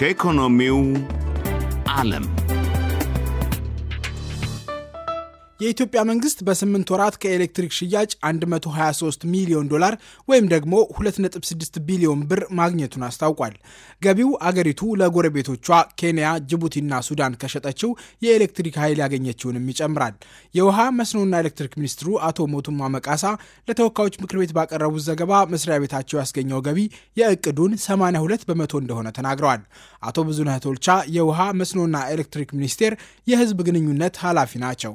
ከኢኮኖሚው ዓለም የኢትዮጵያ መንግስት በስምንት ወራት ከኤሌክትሪክ ሽያጭ 123 ሚሊዮን ዶላር ወይም ደግሞ 2.6 ቢሊዮን ብር ማግኘቱን አስታውቋል። ገቢው አገሪቱ ለጎረቤቶቿ ኬንያ፣ ጅቡቲና ሱዳን ከሸጠችው የኤሌክትሪክ ኃይል ያገኘችውንም ይጨምራል። የውሃ መስኖና ኤሌክትሪክ ሚኒስትሩ አቶ ሞቱማ መቃሳ ለተወካዮች ምክር ቤት ባቀረቡት ዘገባ መስሪያ ቤታቸው ያስገኘው ገቢ የእቅዱን 82 በመቶ እንደሆነ ተናግረዋል። አቶ ብዙነህ ቶልቻ የውሃ መስኖና ኤሌክትሪክ ሚኒስቴር የህዝብ ግንኙነት ኃላፊ ናቸው።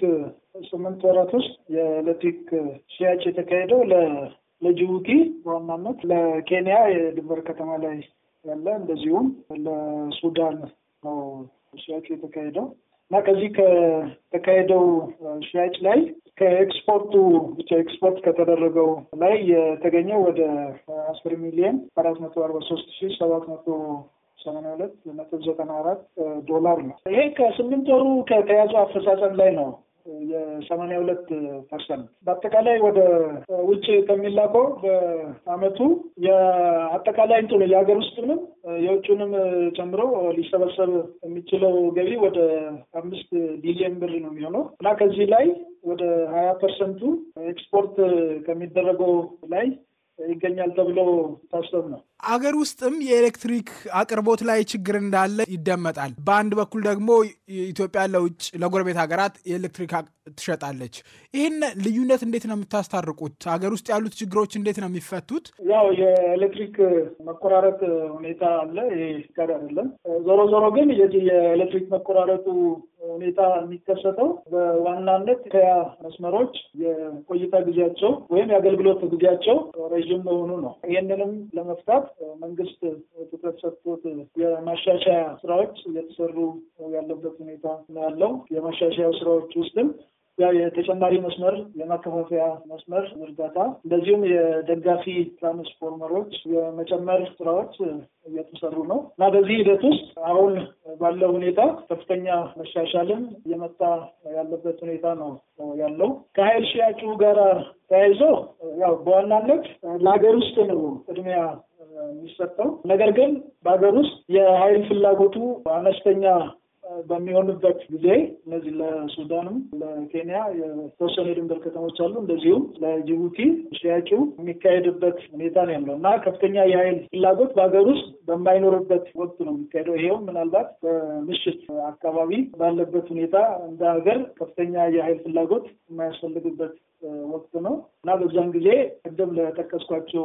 ባለፉት ስምንት ወራት ውስጥ የኤሌክትሪክ ሽያጭ የተካሄደው ለጅቡቲ በዋናነት ለኬንያ የድንበር ከተማ ላይ ያለ እንደዚሁም ለሱዳን ነው ሽያጩ የተካሄደው እና ከዚህ ከተካሄደው ሽያጭ ላይ ከኤክስፖርቱ ብቻ ኤክስፖርት ከተደረገው ላይ የተገኘው ወደ አስር ሚሊየን አራት መቶ አርባ ሶስት ሺ ሰባት መቶ ሰማንያ ሁለት ነጥብ ዘጠና አራት ዶላር ነው። ይሄ ከስምንት ወሩ ከተያዙ አፈጻጸም ላይ ነው የሰማንያ ሁለት ፐርሰንት በአጠቃላይ ወደ ውጭ ከሚላከው በአመቱ የአጠቃላይ እንትኑ የሀገር ውስጡንም የውጭንም ጨምሮ ሊሰበሰብ የሚችለው ገቢ ወደ አምስት ቢሊዮን ብር ነው የሚሆነው እና ከዚህ ላይ ወደ ሀያ ፐርሰንቱ ኤክስፖርት ከሚደረገው ላይ ይገኛል ተብሎ ታሰብ ነው። አገር ውስጥም የኤሌክትሪክ አቅርቦት ላይ ችግር እንዳለ ይደመጣል። በአንድ በኩል ደግሞ ኢትዮጵያ ለውጭ ለጎረቤት ሀገራት የኤሌክትሪክ ትሸጣለች። ይህን ልዩነት እንዴት ነው የምታስታርቁት? አገር ውስጥ ያሉት ችግሮች እንዴት ነው የሚፈቱት? ያው የኤሌክትሪክ መቆራረጥ ሁኔታ አለ። ይሄ ጋር አይደለም። ዞሮ ዞሮ ግን የዚህ የኤሌክትሪክ መቆራረጡ ሁኔታ የሚከሰተው በዋናነት ከያ መስመሮች የቆይታ ጊዜያቸው ወይም የአገልግሎት ጊዜያቸው ረዥም መሆኑ ነው። ይህንንም ለመፍታት መንግስት ትኩረት ሰጥቶት የማሻሻያ ስራዎች እየተሰሩ ያለበት ሁኔታ ነው ያለው። የማሻሻያ ስራዎች ውስጥም ያው የተጨማሪ መስመር የማከፋፈያ መስመር ዝርጋታ እንደዚሁም የደጋፊ ትራንስፎርመሮች የመጨመር ስራዎች እየተሰሩ ነው እና በዚህ ሂደት ውስጥ አሁን ባለው ሁኔታ ከፍተኛ መሻሻልን እየመጣ ያለበት ሁኔታ ነው ያለው። ከሀይል ሽያጩ ጋር ተያይዞ ያው በዋናነት ለሀገር ውስጥ ነው ቅድሚያ የሚሰጠው። ነገር ግን በሀገር ውስጥ የሀይል ፍላጎቱ አነስተኛ በሚሆንበት ጊዜ እነዚህ ለሱዳንም ለኬንያ የተወሰኑ የድንበር ከተሞች አሉ። እንደዚሁም ለጅቡቲ ሽያጭው የሚካሄድበት ሁኔታ ነው ያለው እና ከፍተኛ የኃይል ፍላጎት በሀገር ውስጥ በማይኖርበት ወቅት ነው የሚካሄደው። ይሄው ምናልባት በምሽት አካባቢ ባለበት ሁኔታ እንደ ሀገር ከፍተኛ የኃይል ፍላጎት የማያስፈልግበት ወቅት ነው እና በዚያን ጊዜ ቅድም ለጠቀስኳቸው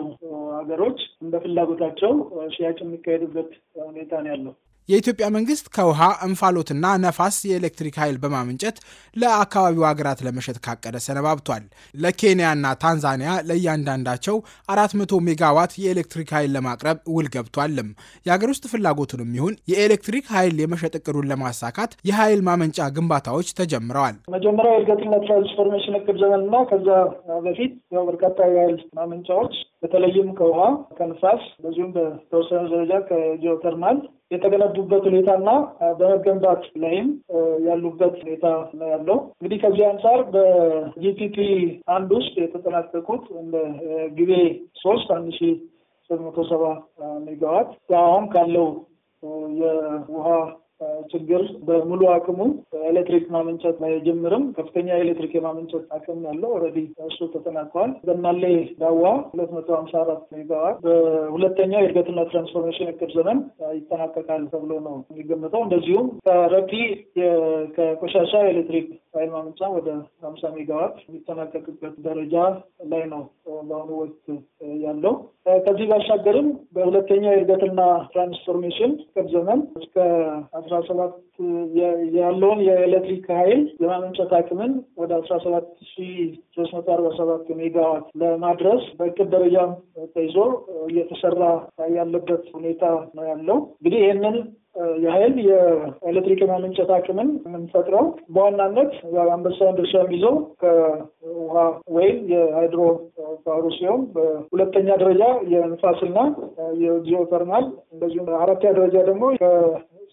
ሀገሮች እንደ ፍላጎታቸው ሽያጭ የሚካሄድበት ሁኔታ ነው ያለው። የኢትዮጵያ መንግስት ከውሃ እንፋሎትና ነፋስ የኤሌክትሪክ ኃይል በማመንጨት ለአካባቢው ሀገራት ለመሸጥ ካቀደ ሰነባብቷል። ለኬንያና ታንዛኒያ ለእያንዳንዳቸው 400 ሜጋዋት የኤሌክትሪክ ኃይል ለማቅረብ ውል ገብቷልም። የአገር ውስጥ ፍላጎቱንም ይሁን የኤሌክትሪክ ኃይል የመሸጥ እቅዱን ለማሳካት የኃይል ማመንጫ ግንባታዎች ተጀምረዋል። መጀመሪያ የእድገትና ትራንስፎርሜሽን እቅድ ዘመንና ከዛ በፊት በርካታ የኃይል ማመንጫዎች በተለይም ከውሃ ከንፋስ፣ በዚሁም በተወሰነ ደረጃ ከጂኦተርማል የተገነቡበት ሁኔታና በመገንባት ላይም ያሉበት ሁኔታ ነው ያለው። እንግዲህ ከዚህ አንጻር በጂፒፒ አንድ ውስጥ የተጠናቀቁት እንደ ግቤ ሶስት አንድ ሺ ሰባት መቶ ሰባ ሜጋዋት አሁን ካለው የውሃ ችግር በሙሉ አቅሙ ኤሌክትሪክ ማመንጨት አይጀምርም። ከፍተኛ ኤሌክትሪክ የማመንጨት አቅም ያለው ኦልሬዲ እሱ ተጠናቀዋል። በናሌ ዳዋ ሁለት መቶ ሀምሳ አራት ሜጋዋት በሁለተኛው የእድገትና ትራንስፎርሜሽን እቅድ ዘመን ይጠናቀቃል ተብሎ ነው የሚገመተው እንደዚሁም ከረፒ ከቆሻሻ ኤሌክትሪክ ኃይል ማመንጫ ወደ ሀምሳ ሜጋዋት የሚጠናቀቅበት ደረጃ ላይ ነው በአሁኑ ወቅት ያለው። ከዚህ ባሻገርም በሁለተኛው የእድገትና ትራንስፎርሜሽን እቅድ ዘመን እስከ አስራ ሰባት ያለውን የኤሌክትሪክ ኃይል የማመንጨት አቅምን ወደ አስራ ሰባት ሺ ሶስት መቶ አርባ ሰባት ሜጋዋት ለማድረስ በእቅድ ደረጃ ተይዞ እየተሰራ ያለበት ሁኔታ ነው ያለው። እንግዲህ ይህንን የኃይል የኤሌክትሪክ የማመንጨት አቅምን የምንፈጥረው በዋናነት አንበሳውን ድርሻ የሚይዘው ከውሃ ወይም የሃይድሮ ባህሩ ሲሆን በሁለተኛ ደረጃ የንፋስና የጂኦተርማል እንደዚሁም አራተኛ ደረጃ ደግሞ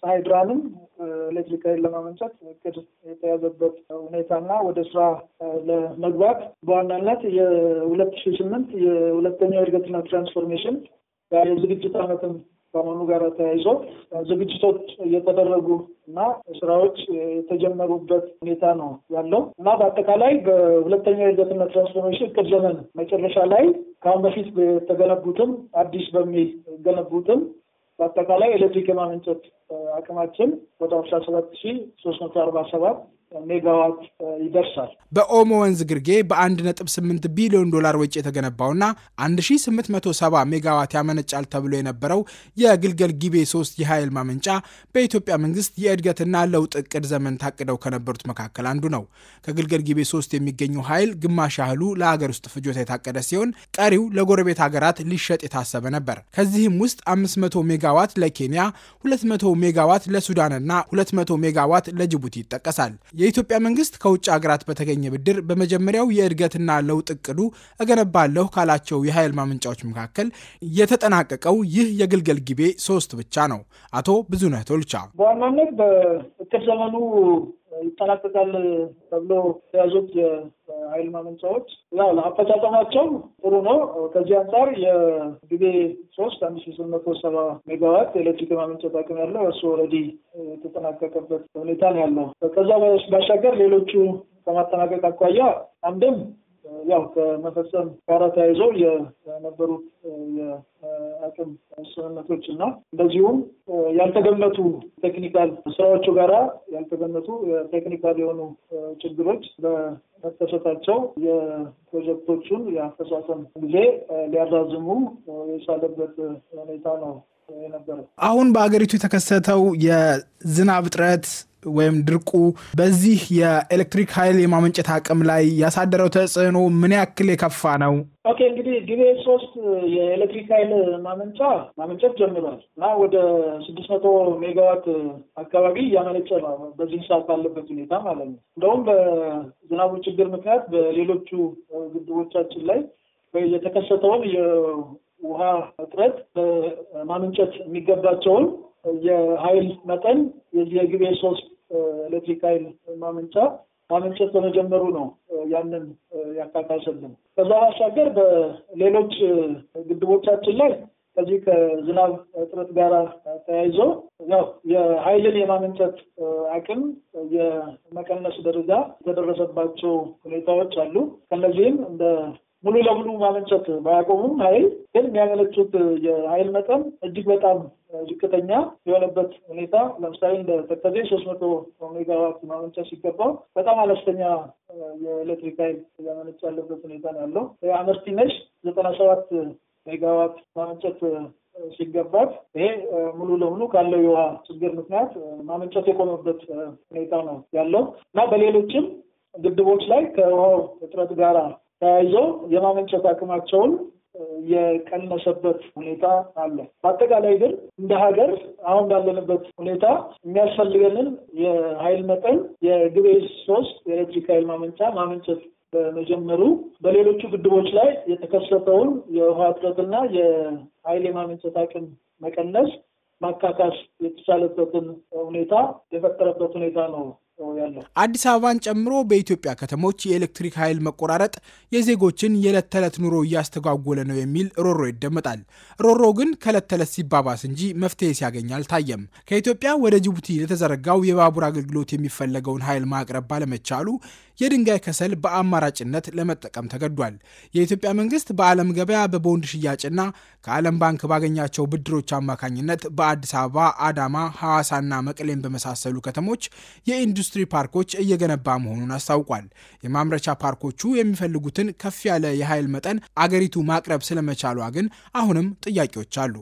ሃይድራንም ብርሃንም ኤሌክትሪክ ለማመንጨት እቅድ የተያዘበት ሁኔታና ወደ ስራ ለመግባት በዋናነት የሁለት ሺ ስምንት የሁለተኛው እድገትና ትራንስፎርሜሽን የዝግጅት አመትም ከመሆኑ ጋር ተያይዞ ዝግጅቶች እየተደረጉ እና ስራዎች የተጀመሩበት ሁኔታ ነው ያለው እና በአጠቃላይ በሁለተኛው የእድገትና ትራንስፎርሜሽን እቅድ ዘመን መጨረሻ ላይ ከአሁን በፊት የተገነቡትም አዲስ በሚገነቡትም በአጠቃላይ ኤሌክትሪክ የማመንጨት አቅማችን ወደ ሰባት ሺ ሶስት መቶ አርባ ሰባት ሜጋዋት ይደርሳል። በኦሞ ወንዝ ግርጌ በ1.8 ቢሊዮን ዶላር ወጪ የተገነባውና 1870 ሜጋዋት ያመነጫል ተብሎ የነበረው የግልገል ጊቤ 3 የኃይል ማመንጫ በኢትዮጵያ መንግስት የእድገትና ለውጥ እቅድ ዘመን ታቅደው ከነበሩት መካከል አንዱ ነው። ከግልገል ጊቤ 3 የሚገኙ ኃይል ግማሽ ያህሉ ለሀገር ውስጥ ፍጆታ የታቀደ ሲሆን፣ ቀሪው ለጎረቤት ሀገራት ሊሸጥ የታሰበ ነበር። ከዚህም ውስጥ 500 ሜጋዋት ለኬንያ፣ 200 ሜጋዋት ለሱዳንና 200 ሜጋዋት ለጅቡቲ ይጠቀሳል። የኢትዮጵያ መንግስት ከውጭ ሀገራት በተገኘ ብድር በመጀመሪያው የእድገትና ለውጥ እቅዱ እገነባለሁ ካላቸው የኃይል ማመንጫዎች መካከል የተጠናቀቀው ይህ የግልገል ጊቤ ሶስት ብቻ ነው። አቶ ብዙነህ ቶልቻ በዋናነት በእቅድ ዘመኑ ይጠናቀቃል ተብሎ የያዙት የኃይል ማመንጫዎች ያው አፈጻጸማቸው ጥሩ ነው። ከዚህ አንጻር የግቤ ሶስት አንድ ሺ ስምንት መቶ ሰባ ሜጋዋት የኤሌክትሪክ የማመንጨት አቅም ያለው እሱ ኦልሬዲ የተጠናቀቀበት ሁኔታ ነው ያለው። ከዛ ባሻገር ሌሎቹ ከማጠናቀቅ አኳያ አንድም ያው ከመፈጸም ጋራ ተያይዘው የነበሩት አቅም ስምምነቶች እና እንደዚሁም ያልተገመቱ ቴክኒካል ስራዎቹ ጋራ ያልተገመቱ ቴክኒካል የሆኑ ችግሮች በመከሰታቸው የፕሮጀክቶቹን የአፈጻጸም ጊዜ ሊያራዝሙ የቻለበት ሁኔታ ነው የነበረው። አሁን በአገሪቱ የተከሰተው የዝናብ እጥረት ወይም ድርቁ በዚህ የኤሌክትሪክ ኃይል የማመንጨት አቅም ላይ ያሳደረው ተጽዕኖ ምን ያክል የከፋ ነው? ኦኬ እንግዲህ ጊቤ ሶስት የኤሌክትሪክ ኃይል ማመንጫ ማመንጨት ጀምሯል እና ወደ ስድስት መቶ ሜጋዋት አካባቢ እያመነጨ ነው በዚህ ሰዓት ባለበት ሁኔታ ማለት ነው። እንደውም በዝናቡ ችግር ምክንያት በሌሎቹ ግድቦቻችን ላይ የተከሰተውን የውሃ እጥረት ማመንጨት የሚገባቸውን የኃይል መጠን የዚህ የግቤ ሶስት ኤሌክትሪክ ኃይል ማመንጫ ማመንጨት በመጀመሩ ነው ያንን ያካካሰልን። ከዛ ባሻገር በሌሎች ግድቦቻችን ላይ ከዚህ ከዝናብ እጥረት ጋር ተያይዞ ያው የኃይልን የማመንጨት አቅም የመቀነስ ደረጃ የተደረሰባቸው ሁኔታዎች አሉ። ከነዚህም እንደ ሙሉ ለሙሉ ማመንጨት ባያቆሙም ኃይል ግን የሚያመነጩት የኃይል መጠን እጅግ በጣም ዝቅተኛ የሆነበት ሁኔታ ለምሳሌ እንደ ተከዜ ሶስት መቶ ሜጋዋት ማመንጫ ሲገባው በጣም አነስተኛ የኤሌክትሪክ ኃይል እያመነጭ ያለበት ሁኔታ ነው ያለው። አመርቲነሽ ዘጠና ሰባት ሜጋዋት ማመንጨት ሲገባት ይሄ ሙሉ ለሙሉ ካለው የውሃ ችግር ምክንያት ማመንጨት የቆመበት ሁኔታ ነው ያለው እና በሌሎችም ግድቦች ላይ ከውሃው እጥረት ጋራ ተያይዘው የማመንጨት አቅማቸውን የቀነሰበት ሁኔታ አለ። በአጠቃላይ ግን እንደ ሀገር አሁን ባለንበት ሁኔታ የሚያስፈልገንን የኃይል መጠን የግቤ ሶስት የኤሌክትሪክ ኃይል ማመንጫ ማመንጨት በመጀመሩ በሌሎቹ ግድቦች ላይ የተከሰተውን የውሃ እጥረትና የኃይል የማመንጨት አቅም መቀነስ ማካካስ የተቻለበትን ሁኔታ የፈጠረበት ሁኔታ ነው አዲስ አበባን ጨምሮ በኢትዮጵያ ከተሞች የኤሌክትሪክ ኃይል መቆራረጥ የዜጎችን የዕለት ተዕለት ኑሮ እያስተጓጎለ ነው የሚል ሮሮ ይደመጣል። ሮሮ ግን ከዕለት ተዕለት ሲባባስ እንጂ መፍትሄ ሲያገኝ አልታየም። ከኢትዮጵያ ወደ ጅቡቲ ለተዘረጋው የባቡር አገልግሎት የሚፈለገውን ኃይል ማቅረብ ባለመቻሉ የድንጋይ ከሰል በአማራጭነት ለመጠቀም ተገዷል። የኢትዮጵያ መንግስት በዓለም ገበያ በቦንድ ሽያጭና ከዓለም ባንክ ባገኛቸው ብድሮች አማካኝነት በአዲስ አበባ፣ አዳማ፣ ሐዋሳና መቀሌን በመሳሰሉ ከተሞች የኢንዱስ የኢንዱስትሪ ፓርኮች እየገነባ መሆኑን አስታውቋል። የማምረቻ ፓርኮቹ የሚፈልጉትን ከፍ ያለ የኃይል መጠን አገሪቱ ማቅረብ ስለመቻሏ ግን አሁንም ጥያቄዎች አሉ።